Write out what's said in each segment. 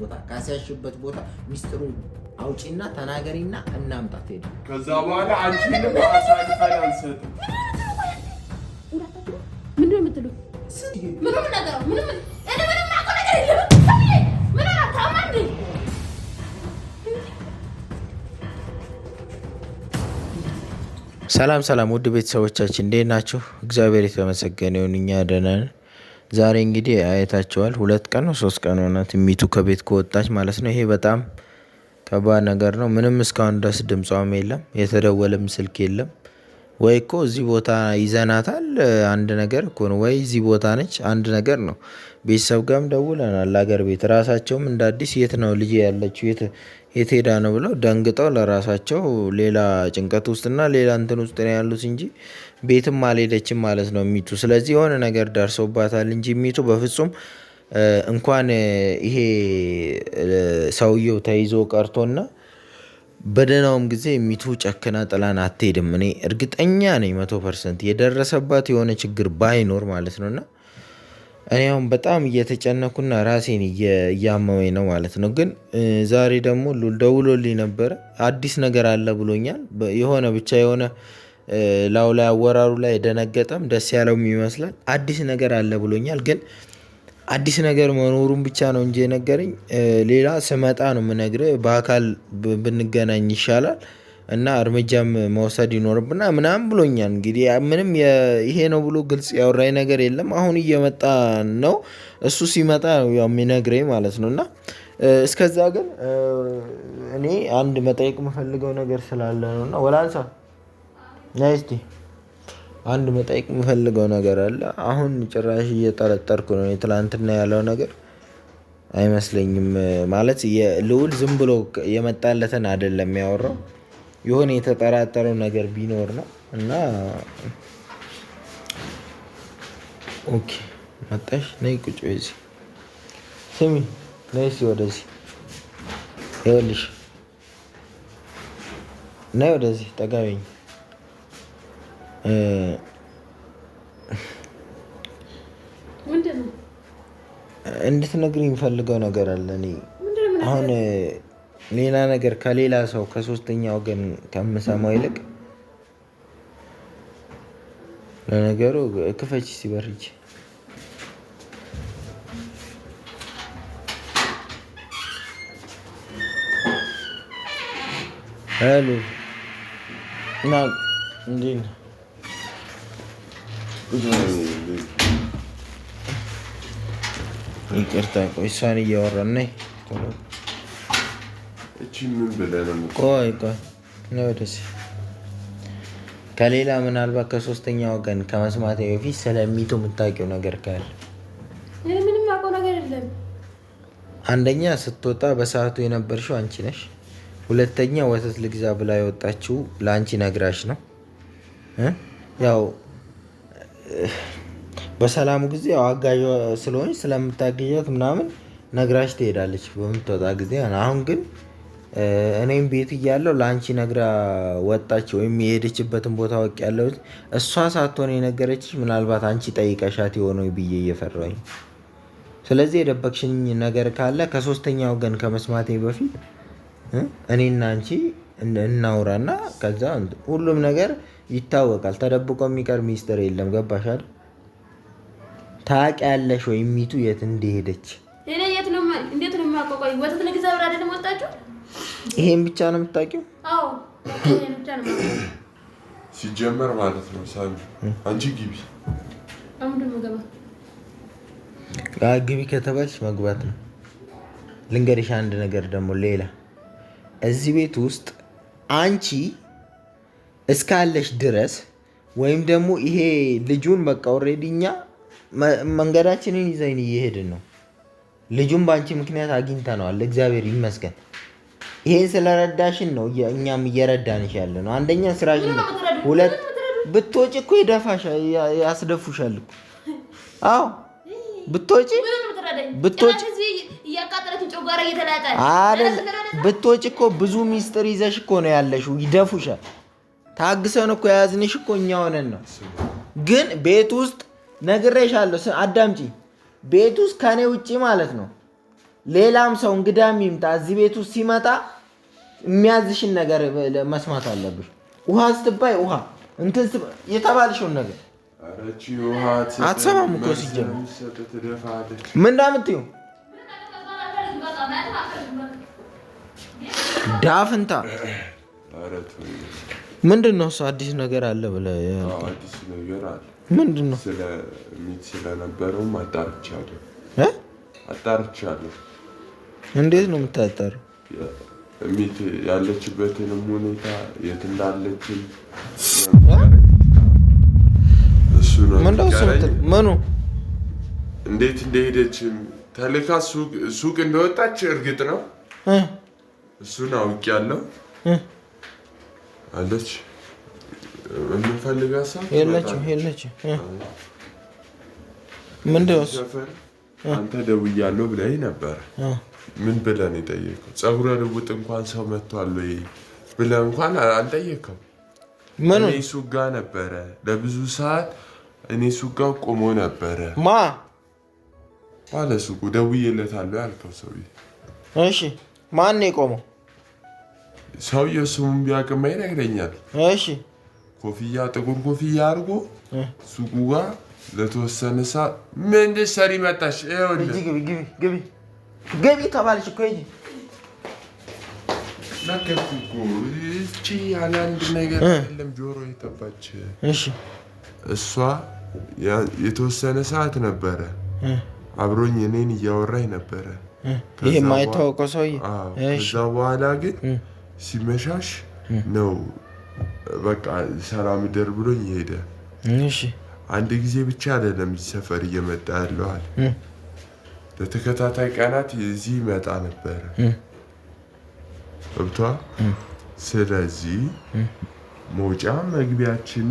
ቦታ ካስያሽበት ቦታ ሚስጥሩ አውጪና ተናገሪና እናምጣ ሄደ ከዛ በኋላ አንቺንም አሳልፈን አንሰጥም። ምንድን ነው የምትሉት? ምንም ነገር ምንም ሰላም ሰላም፣ ውድ ቤተሰቦቻችን እንዴት ናችሁ? እግዚአብሔር የተመሰገነ ይሁን፣ እኛ ደህና ነን። ዛሬ እንግዲህ አይታቸዋል ሁለት ቀን ነው ሶስት ቀን ሆናት ትሚቱ ከቤት ከወጣች ማለት ነው። ይሄ በጣም ከባድ ነገር ነው። ምንም እስካሁን ድረስ ድምጿም የለም የተደወለም ስልክ የለም። ወይ እኮ እዚህ ቦታ ይዘናታል አንድ ነገር እኮ ነው ወይ እዚህ ቦታ ነች አንድ ነገር ነው። ቤተሰብ ጋርም ደውለናል ሀገር ቤት ራሳቸውም እንደ አዲስ የት ነው ልጅ ያለችው የት የት ሄዳ ነው ብለው ደንግጠው ለራሳቸው ሌላ ጭንቀት ውስጥና ሌላ እንትን ውስጥ ነው ያሉት እንጂ ቤትም አልሄደችም ማለት ነው ሚቱ። ስለዚህ የሆነ ነገር ደርሶባታል እንጂ ሚቱ በፍጹም እንኳን ይሄ ሰውየው ተይዞ ቀርቶና በደህናውም ጊዜ ሚቱ ጨክና ጥላን አትሄድም። እኔ እርግጠኛ ነኝ መቶ ፐርሰንት የደረሰባት የሆነ ችግር ባይኖር ማለት ነው። እና እኔ አሁን በጣም እየተጨነኩና ራሴን እያመመኝ ነው ማለት ነው። ግን ዛሬ ደግሞ ደውሎልኝ ነበረ አዲስ ነገር አለ ብሎኛል። የሆነ ብቻ የሆነ ላው ላይ አወራሩ ላይ ደነገጠም ደስ ያለውም ይመስላል። አዲስ ነገር አለ ብሎኛል። ግን አዲስ ነገር መኖሩን ብቻ ነው እንጂ የነገረኝ ሌላ ስመጣ ነው የምነግርህ። በአካል ብንገናኝ ይሻላል እና እርምጃም መውሰድ ይኖርብና ምናምን ብሎኛል። እንግዲህ ምንም ይሄ ነው ብሎ ግልጽ ያወራኝ ነገር የለም። አሁን እየመጣ ነው። እሱ ሲመጣ ነው የሚነግረኝ ማለት ነው። እና እስከዛ ግን እኔ አንድ መጠየቅ የምፈልገው ነገር ስላለ ነው እና ወላንሳ እስቲ አንድ መጠየቅ የምፈልገው ነገር አለ። አሁን ጭራሽ እየጠረጠርኩ ነው። የትላንትና ያለው ነገር አይመስለኝም። ማለት ልውል ዝም ብሎ የመጣለትን አይደለም ያወራው፣ የሆነ የተጠራጠረው ነገር ቢኖር ነው እና ኦኬ፣ መጣሽ። ነይ ቁጭ ዚ እዚህ። ስሚ፣ ነይ እስኪ ወደዚህ። ይኸውልሽ፣ ነይ ወደዚህ፣ ጠጋ እንድትነግሪኝ የምፈልገው ነገር አለ። እኔ አሁን ሌላ ነገር ከሌላ ሰው ከሶስተኛ ወገን ከምሰማው ይልቅ ለነገሩ ክፈች ሲበርች? ሄሎ እና እንዴት ነው? ይቅርታ፣ ቆይ እሷን እያወራን ነይ። ቆይ ቆይ ከሌላ ምናልባት ከሶስተኛ ወገን ከመስማት በፊት ስለሚቱ የምታውቂው ነገር ካለ ምንም አውቀው ነገር የለም። አንደኛ ስትወጣ በሰዓቱ የነበርሽው አንቺ ነሽ። ሁለተኛ ወተት ልግዛ ብላ የወጣችው ለአንቺ ነግራሽ ነው ያው በሰላሙ ጊዜ ያው አጋዥ ስለሆንሽ ስለምታግዣት ምናምን ነግራሽ ትሄዳለች በምትወጣ ጊዜ። አሁን ግን እኔም ቤት እያለው ለአንቺ ነግራ ወጣች ወይም የሄደችበትን ቦታ ወቅ ያለው እሷ ሳትሆን የነገረችሽ ምናልባት አንቺ ጠይቀሻት የሆነ ብዬ እየፈራሁኝ። ስለዚህ የደበቅሽኝ ነገር ካለ ከሶስተኛ ወገን ከመስማቴ በፊት እኔና አንቺ እናውራና ከዛ ሁሉም ነገር ይታወቃል። ተደብቆ የሚቀር ሚስጥር የለም። ገባሻል? ታውቂያለሽ ወይ ሚቱ የት እንደሄደች? እኔ የት ነው እንዴት ነው የማውቀው? ወተት ልግዛ ብር አይደለም ወጣችሁ? ይሄን ብቻ ነው የምታውቂው? አዎ ሲጀመር ማለት ነው። ሳሚ አንቺ ግቢ ግቢ ከተባልሽ መግባት ነው። ልንገርሽ አንድ ነገር ደግሞ ሌላ እዚህ ቤት ውስጥ አንቺ እስካለሽ ድረስ ወይም ደግሞ ይሄ ልጁን በቃ ኦልሬዲ እኛ መንገዳችንን ይዘን እየሄድን ነው። ልጁን በአንቺ ምክንያት አግኝተነዋል። እግዚአብሔር ይመስገን። ይሄን ስለረዳሽን ነው እኛም እየረዳንሽ ያለ ነው። አንደኛ ስራሽ ነው። ሁለት ብትወጪ እኮ ይደፋሽ ያስደፉሻል አዎ ብትወጪ ብትወጪ ብትወጪ እኮ ብዙ ሚስጥር ይዘሽ እኮ ነው ያለሽው። ይደፉሻል ታግሰን እኮ የያዝንሽ እኮ እኛ ሆነን ነው። ግን ቤት ውስጥ ነግሬሻለሁ፣ አዳምጪ። ቤት ውስጥ ከኔ ውጭ ማለት ነው ሌላም ሰው እንግዳም ይምጣ እዚህ ቤት ውስጥ ሲመጣ የሚያዝሽን ነገር መስማት አለብሽ። ውሃ ስትባይ ውሃ እንትን የተባልሽውን ነገር አትሰማም እኮ ሲጀምር ምን እንዳምትይው ዳፍንታ ምንድን ነው እሱ? አዲስ ነገር አለ ብለህ አዲስ ነገር አለ ምንድን ነው? ስለነበረውም አጣርቻለሁ አጣርቻለሁ። እንዴት ነው የምታጠረው? ሚት ያለችበትንም ሁኔታ የት እንዳለችም እሱ ነው ምኑ እንዴት እንደሄደችም ተልካ ሱቅ እንደወጣች እርግጥ ነው እሱን አውቄያለሁ። አለች። የምንፈልጋት ሰው የለችም የለችም። አንተ ደውያለሁ ብለህ ነበረ። ምን ብለህ ነው የጠየቀው? ፀጉረ ልውጥ እንኳን ሰው መጥቷል ወይ ብለህ እንኳን አልጠየቅም። እኔ ሱጋ ነበረ ለብዙ ሰዓት። እኔ ሱጋ ቆሞ ነበረ። ማ ባለ ሱቁ ደውዬለታለሁ ያልከው ሰውዬ። እሺ ማን ነው የቆመው? ሰውዬው ስሙን ቢያቅማ ይነግረኛል። እሺ ኮፍያ ጥቁር ኮፍያ አድርጎ ሱቁ ጋር ለተወሰነ ሰዓት ምንድን ሰሪ መጣሽ? ግቢ ግቢ እኮ እኮ ያለ አንድ ነገር የለም ጆሮ እሷ የተወሰነ ሰዓት ነበረ አብሮኝ እኔን እያወራኝ ነበረ። ይሄ የማይታወቀው ሰውዬ ከዛ በኋላ ግን ሲመሻሽ ነው በቃ ሰላም ደር ብሎኝ ይሄደ? አንድ ጊዜ ብቻ አይደለም ሰፈር እየመጣ ያለዋል። ለተከታታይ ቀናት እዚህ ይመጣ ነበረ እብቷ። ስለዚህ መውጫ መግቢያችን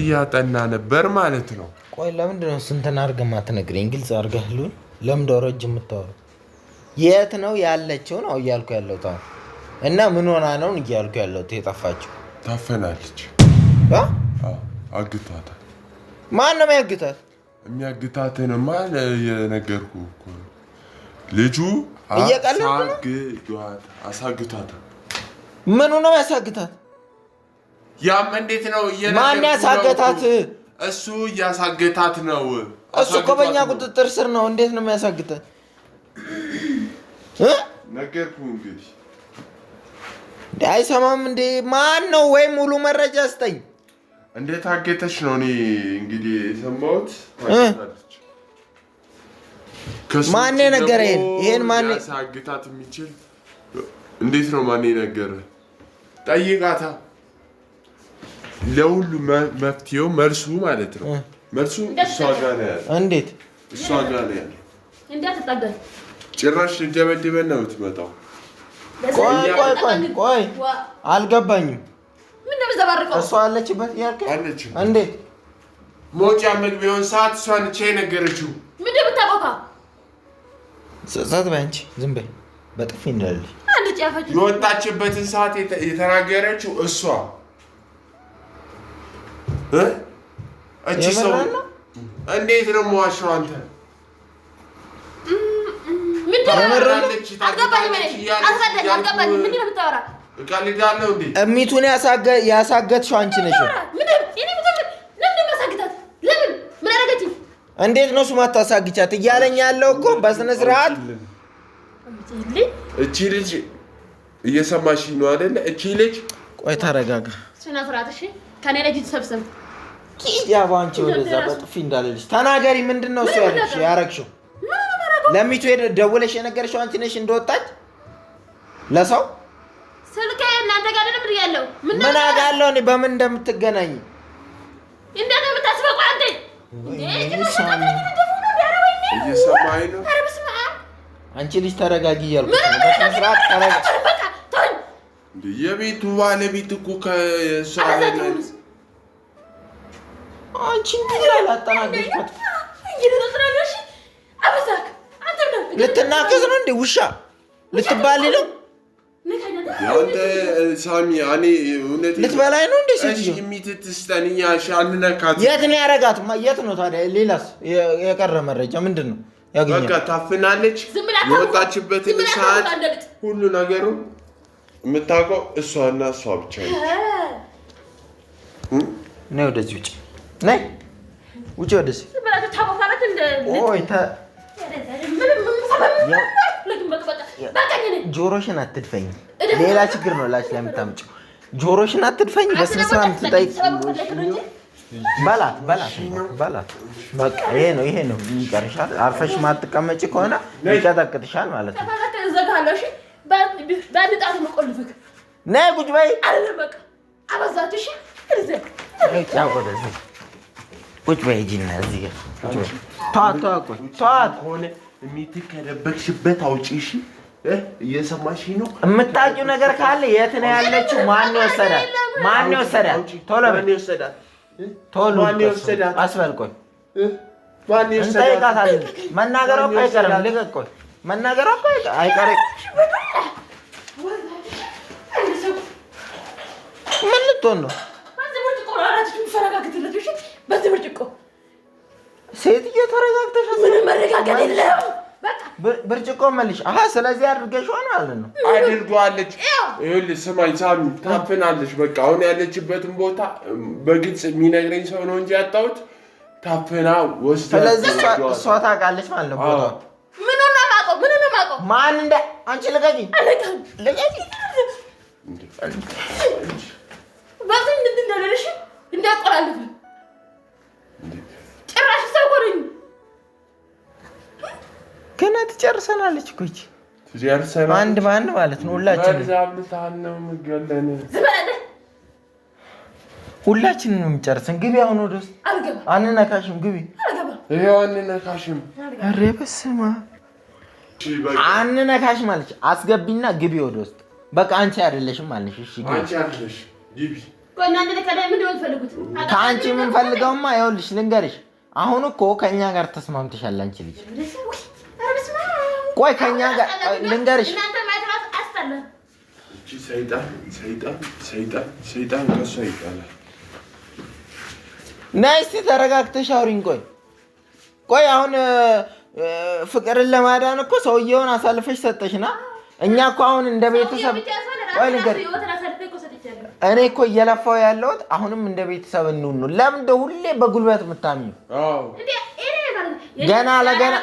እያጠና ነበር ማለት ነው። ቆይ ለምንድን ነው ስንትን አድርገህ የማትነግረኝ? ግልጽ አድርገህ ሉን ለምንድን ነው ረጅም የምታወሩ? የት ነው ያለችው ነው እያልኩ ያለሁት አሁን እና ምን ሆና ነው እያልኩ ያለሁት የጠፋችው? ታፈናለች። አግቷታል። ማን ነው የሚያግታት? የሚያግታትንማ የነገርኩህ እኮ ነው። ልጁ አሳግቷታል። ምኑ ነው ያሳግታት? ያም እንዴት ነው? ማን ያሳገታት? እሱ እያሳገታት ነው። እሱ እኮ በእኛ ቁጥጥር ስር ነው። እንዴት ነው የሚያሳግታት? ነገርኩ እንግዲህ አይሰማም እንዴ? ማን ነው? ወይ ሙሉ መረጃ ስጠኝ። እንደ ታገተች ነው እኔ እንግዲህ የሰማሁት። ማን የነገረ ይሄን? ይሄን ማን ያሳግታት የሚችል እንዴት ነው? ማን ነገረ ጠይቃታ። ለሁሉ መፍትሄው መልሱ ማለት ነው። መልሱ እሷ ጋር ነው እንዴት እሷ ነው ጭራሽ ልደበድበን ነው የምትመጣው ቆይ ቆይ ቆይ ቆይ አልገባኝም። እሷ አለችበት እንዴት? መውጫ መግቢያውን ሰዓት እሷ ነች የነገረችው። ምንድን ብታቆቃ ጸጥ በይ አንቺ ዝም በይ። በጥፊ የወጣችበትን ሰዓት የተናገረችው እሷ እቺ ሰው እንዴት ነው የምዋሸው አንተ እሚቱን ያሳገትሽው አንቺ ነሽ። እንዴት ነው እሱማ አታሳግቻት እያለኝ ያለው እኮ በስነ ስርዓት እቺ ልጅ እየሰማሽ ነው አይደለ? እቺ ልጅ ቆይ ተረጋጋ። ስነ ስርዓት እሺ። ከኔ ልጅ ተሰብሰብ። ኪያ ባንቺ ወደዛ በጥፊ እንዳለልሽ ተናገሪ። ምንድን ነው እሱ ያረግሽው? ለሚቱ ደውለሽ የነገርሽው አንቺ ነሽ እንደወጣች ለሰው ስልክ እናንተ ጋር አይደለም ያለው። ምን አውቃለሁ እኔ በምን እንደምትገናኝ እንዴት ነው የምታስበቁ አንተ አንቺ ልጅ ተረጋጊ እያልኩ የቤቱ ባለቤት እኮ ከእሷ አንቺ እንዲህ አላጠናገርኳት ልትናከስ ነው እንዴ? ውሻ ልትባል ነው? ሳሚ ልትበላይ ነው እንዴ? የት ነው ያረጋት? የት ነው ታዲያ? ሌላስ የቀረ መረጃ ምንድን ነው? በቃ ታፍናለች። የወጣችበትን ሰዓት ሁሉ ነገሩ የምታውቀው እሷና እሷ ብቻ ነች። ወደዚህ ውጭ ነይ፣ ውጭ ወደዚህ ጆሮሽን አትድፈኝ። ሌላ ችግር ነው ላች ላይ የምታምጪው። ጆሮሽን አትድፈኝ። በስንስራ የምትጠይቅ በላት በላት በላት። በቃ ይሄ ነው ይሄ ነው ይቀርሻል። አርፈሽ ማትቀመጪ ከሆነ ይቀጠቅጥሻል ማለት ነው። ቁጭ በይ። ቁጭ በይ። ከደበቅሽበት አውጪ። እሺ እየሰማሽ ነው? የምታውቂው ነገር ካለ የት ነው ያለችው? ማን የወሰዳት? ማን የወሰዳት? ቶሎ ቶሎ አስበልቆኝ እንጠይቃታለን። እኮ አይቀርም። እኮ አይቀርም። ምን ልትሆን ነው? ሴትዮ ተረጋግተሽ ምን መረጋገጥ የለም። ብርጭቆ መልሽ። አሀ ስለዚህ አድርገሽዋል ማለት ነው። አድርጓለች ይኸውልሽ ስማኝ ሳሚ፣ ታፍናለች። በቃ አሁን ያለችበትን ቦታ በግልጽ የሚነግረኝ ሰው ነው እንጂ ያጣሁት ታፍና ወስደ። ስለዚህ እሷ ታውቃለች ማለት ነው ቦታ ምን ሆነ ማቆ ምን ሆነ ማቆ ማን እንደ አንቺ ልቀቂ፣ ልቀቂ በዚህ እንድትናለሽ እንዳቆራልፍ ጭራሽ ሰጉርኝ። ገና ትጨርሰናለች እኮ ይቺ አንድ በአንድ ማለት ነው። ሁላችን ሁላችንን ነው የሚጨርስን። ግቢ አሁን ወደ ውስጥ አንነካሽም። ግቢ አንነካሽም። ኧረ በስመ አብ አንነካሽም አለች። አስገቢና ግቢ ወደ ውስጥ። በቃ አንቺ አይደለሽም አለሽ። እሺ ከአንቺ የምንፈልገውማ ይኸውልሽ፣ ልንገርሽ አሁን እኮ ከእኛ ጋር ተስማምተሻል። አንቺ ልጅ ቆይ ከእኛ ጋር ልንገርሽ ናይ እስኪ ተረጋግተሽ አውሪኝ። ቆይ ቆይ አሁን ፍቅርን ለማዳን እኮ ሰውየውን አሳልፈሽ ሰጠሽና እኛ እኮ አሁን እንደ ቤተሰብ ቆይ ልንገርሽ እኔ እኮ እየለፋው ያለሁት አሁንም እንደ ቤተሰብ እንሁኑ። ለምን እንደ ሁሌ በጉልበት የምታምኙ? ገና ለገና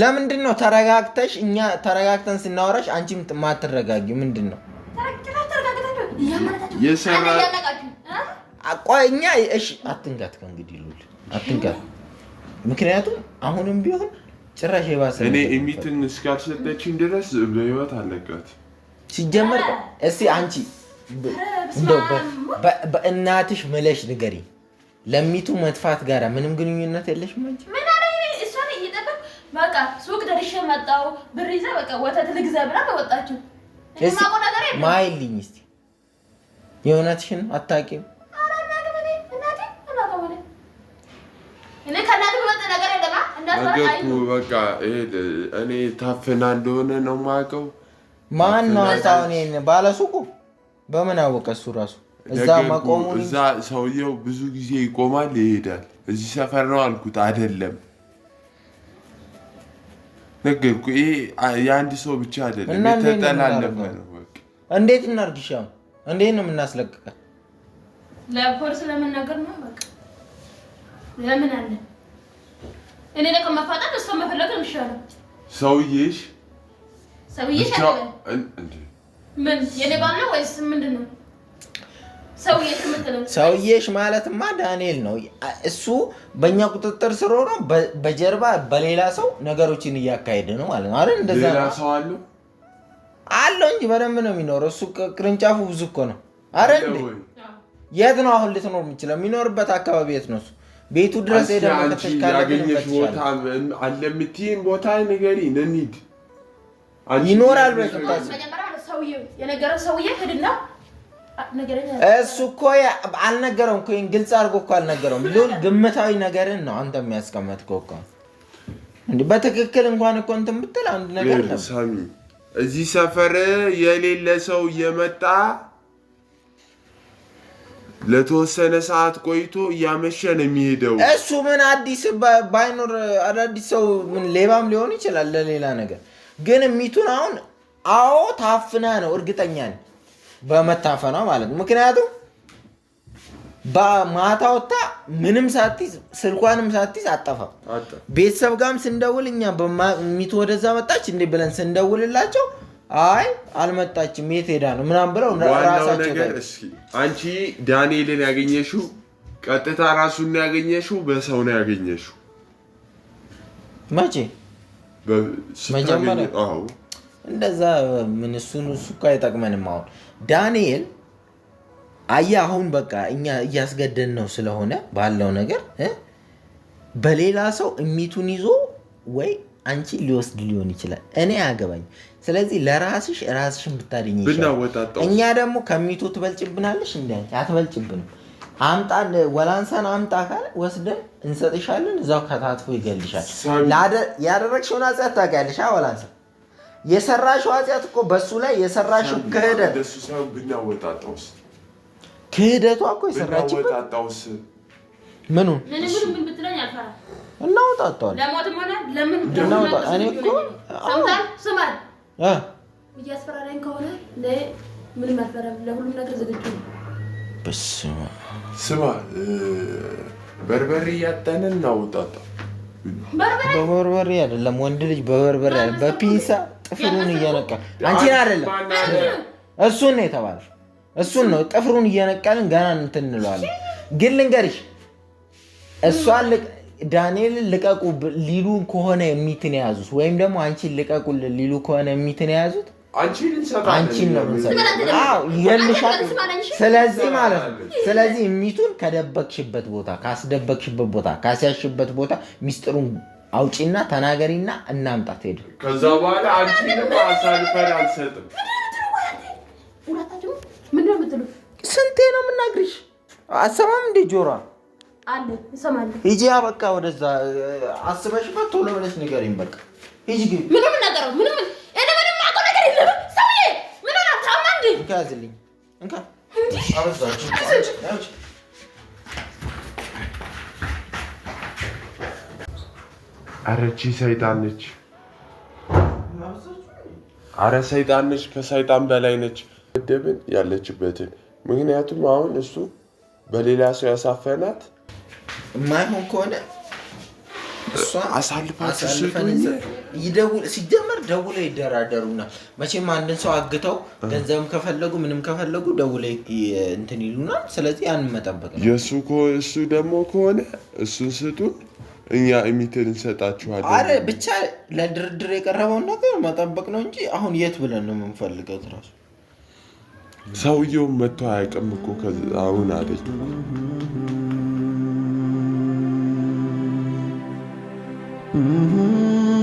ለምንድን ነው ተረጋግተሽ እኛ ተረጋግተን ስናወራሽ አንቺ ማትረጋጊ ምንድን ነው? ቆይ እኛ እሺ፣ አትንጋት ከእንግዲህ ሉል አትንጋት። ምክንያቱም አሁንም ቢሆን ጭራሽ የባሰ እኔ ኢሚትን እስካልሰጠችኝ ድረስ በህይወት አለቀት ሲጀመር እስቲ አንቺ በእናትሽ ምለሽ ንገሪ። ለሚቱ መጥፋት ጋር ምንም ግንኙነት የለሽም አንቺ? ምን ስ እሷን እየጠበቅኩ በቃ ሱቅ ደርሼ መጣሁ። ብር በቃ ወተት ልግዛ ብላ ተወጣችሁ። ማይልኝ እስቲ የእውነትሽን አታውቂም። እኔ ታፍና እንደሆነ ነው የማውቀው ማን ነው አንሳውን? ይሄን ባለሱቁ በምን አወቀ? እሱ ራሱ እዛ መቆሙ እዛ ሰውየው ብዙ ጊዜ ይቆማል፣ ይሄዳል። እዚህ ሰፈር ነው አልኩት። አይደለም ነገርኩ። ይሄ የአንድ ሰው ብቻ አይደለም፣ የተጠላለፈ ነው። እንዴት እናርግሻም? እንዴት ነው የምናስለቅቀ ለፖሊስ ለመናገር ነው በቃ። ለምን አለ እኔ ለቀ መፋጣት እሷ መፈለግ ነው የሚሻለው ሰውዬሽ ሰውዬሽ ምን የኔ ባል ማለትማ ዳንኤል ነው። እሱ በእኛ ቁጥጥር ስር ሆኖ በጀርባ በሌላ ሰው ነገሮችን እያካሄደ ነው ማለት ነው አረ እንደዛ ነው። ሰው አለው አለው እንጂ በደንብ ነው የሚኖረው። እሱ ቅርንጫፉ ብዙ እኮ ነው አረ እንዴ የት ነው አሁን ልትኖር የምችለው? የሚኖርበት አካባቢ የት ነው? እሱ ቤቱ ድረስ ሄደ ቦታ አለ የምትይኝ ቦታ ንገሪኝ እንሂድ ይኖራል ብለሽ እሱ እኮ አልነገረውም እኮ ግልጽ አድርጎ እኮ አልነገረውም። ሉል ግምታዊ ነገርን ነው አንተ የሚያስቀመጥከው እኮ እንደ በትክክል እንኳን እኮ እንትን ብትል አንድ ነገር ነው። ሳሚ እዚህ ሰፈር የሌለ ሰው እየመጣ ለተወሰነ ሰዓት ቆይቶ እያመሸ ነው የሚሄደው። እሱ ምን አዲስ ባይኖር አዳዲስ ሰው ሌባም ሊሆን ይችላል ለሌላ ነገር ግን ሚቱን አሁን አዎ ታፍና ነው እርግጠኛ ነኝ በመታፈኗ ማለት ነው። ምክንያቱም በማታ ወታ ምንም ሳትይዝ ስልኳንም ሳትይዝ አጠፋም። ቤተሰብ ጋርም ስንደውል እኛ ሚቱ ወደዛ መጣች እንዴ ብለን ስንደውልላቸው አይ አልመጣችም የት ሄዳ ነው ምናምን ብለው ነገር አንቺ ዳንኤልን ያገኘሽው ቀጥታ ራሱን ያገኘሽው በሰው ነው ያገኘሽው መቼ መጀመሪያ እንደዛ ምን እሱን እሱ እኮ አይጠቅመንም። አሁን ዳንኤል አየህ፣ አሁን በቃ እኛ እያስገደን ነው ስለሆነ ባለው ነገር በሌላ ሰው እሚቱን ይዞ ወይ አንቺን ሊወስድ ሊሆን ይችላል። እኔ አያገባኝ። ስለዚህ ለራስሽ ራስሽን ብታደኝ እኛ ደግሞ ከሚቱ ትበልጭብናለሽ እንዲ አትበልጭብንም። አምጣ ወላንሳን አምጣ ካለ ወስደን እንሰጥሻለን። እዛው ከታትፎ ይገልሻል። ያደረግሽውን አጽያት ታውቂያለሽ። ወላንሳ የሰራሽው አጽያት እኮ በሱ ላይ የሰራሽው ክህደት ክህደቷ እኮ የሰራችው ምኑ እናወጣጣዋለን። እኔ እኮ እያስፈራራኝ ከሆነ ምን መፈረ ለሁሉም ነገር ዝግጁ ነው። ስማ በርበሬ እያጠን እናውጣጣ። በበርበሬ አይደለም ወንድ ልጅ በበርበሬ አይደለም፣ በፒንሳ ጥፍሩን እየነቀል አንቺን አይደለም እሱን ነው የተባለው። እሱን ነው ጥፍሩን እየነቀልን ገና እንትን እንለዋለን። ግን ልንገርሽ እሷን ዳንኤልን ልቀቁ ሊሉ ከሆነ የሚትን የያዙት ወይም ደግሞ አንቺን ልቀቁ ሊሉ ከሆነ የሚትን የያዙት አንቺን ነው የምንሰጣው። ስለዚህ ማለት ነው ስለዚህ ሚቱን ከደበቅሽበት ቦታ ካስደበቅሽበት ቦታ ካስያሽበት ቦታ ሚስጥሩን አውጪና ተናገሪና እናምጣት። ሄደ ከዛ በኋላ አንቺንም አሳልፈን አልሰጥም። ስንቴ ነው የምናግሪሽ? አሰማም እንዴ ጆሯ ሂጂ። በቃ ወደዛ አስበሽበት ቶሎ ብለሽ ንገሪኝ። በቃ ሂጂ። ምንም እንካ ያዝልኝ። እንካ አረቺ ሰይጣን ነች። አረ ሰይጣን ነች፣ ከሰይጣን በላይ ነች። ደብን ያለችበትን ምክንያቱም አሁን እሱ በሌላ ሰው ያሳፈናት የማይሆን ከሆነ ሲጀመር ደውለው ይደራደሩና መቼም አንድን ሰው አግተው ገንዘብም ከፈለጉ ምንም ከፈለጉ ደውለው እንትን ይሉና፣ ስለዚህ ያን መጠበቅ የእሱ እሱ ደግሞ ከሆነ እሱን ስጡን፣ እኛ ኢሚቴል እንሰጣችኋለን። አረ ብቻ ለድርድር የቀረበውን ነገር መጠበቅ ነው እንጂ አሁን የት ብለን ነው የምንፈልገት? ራሱ ሰውየውን መጥቶ አያውቅም እኮ አሁን አለኝ Mm-hmm.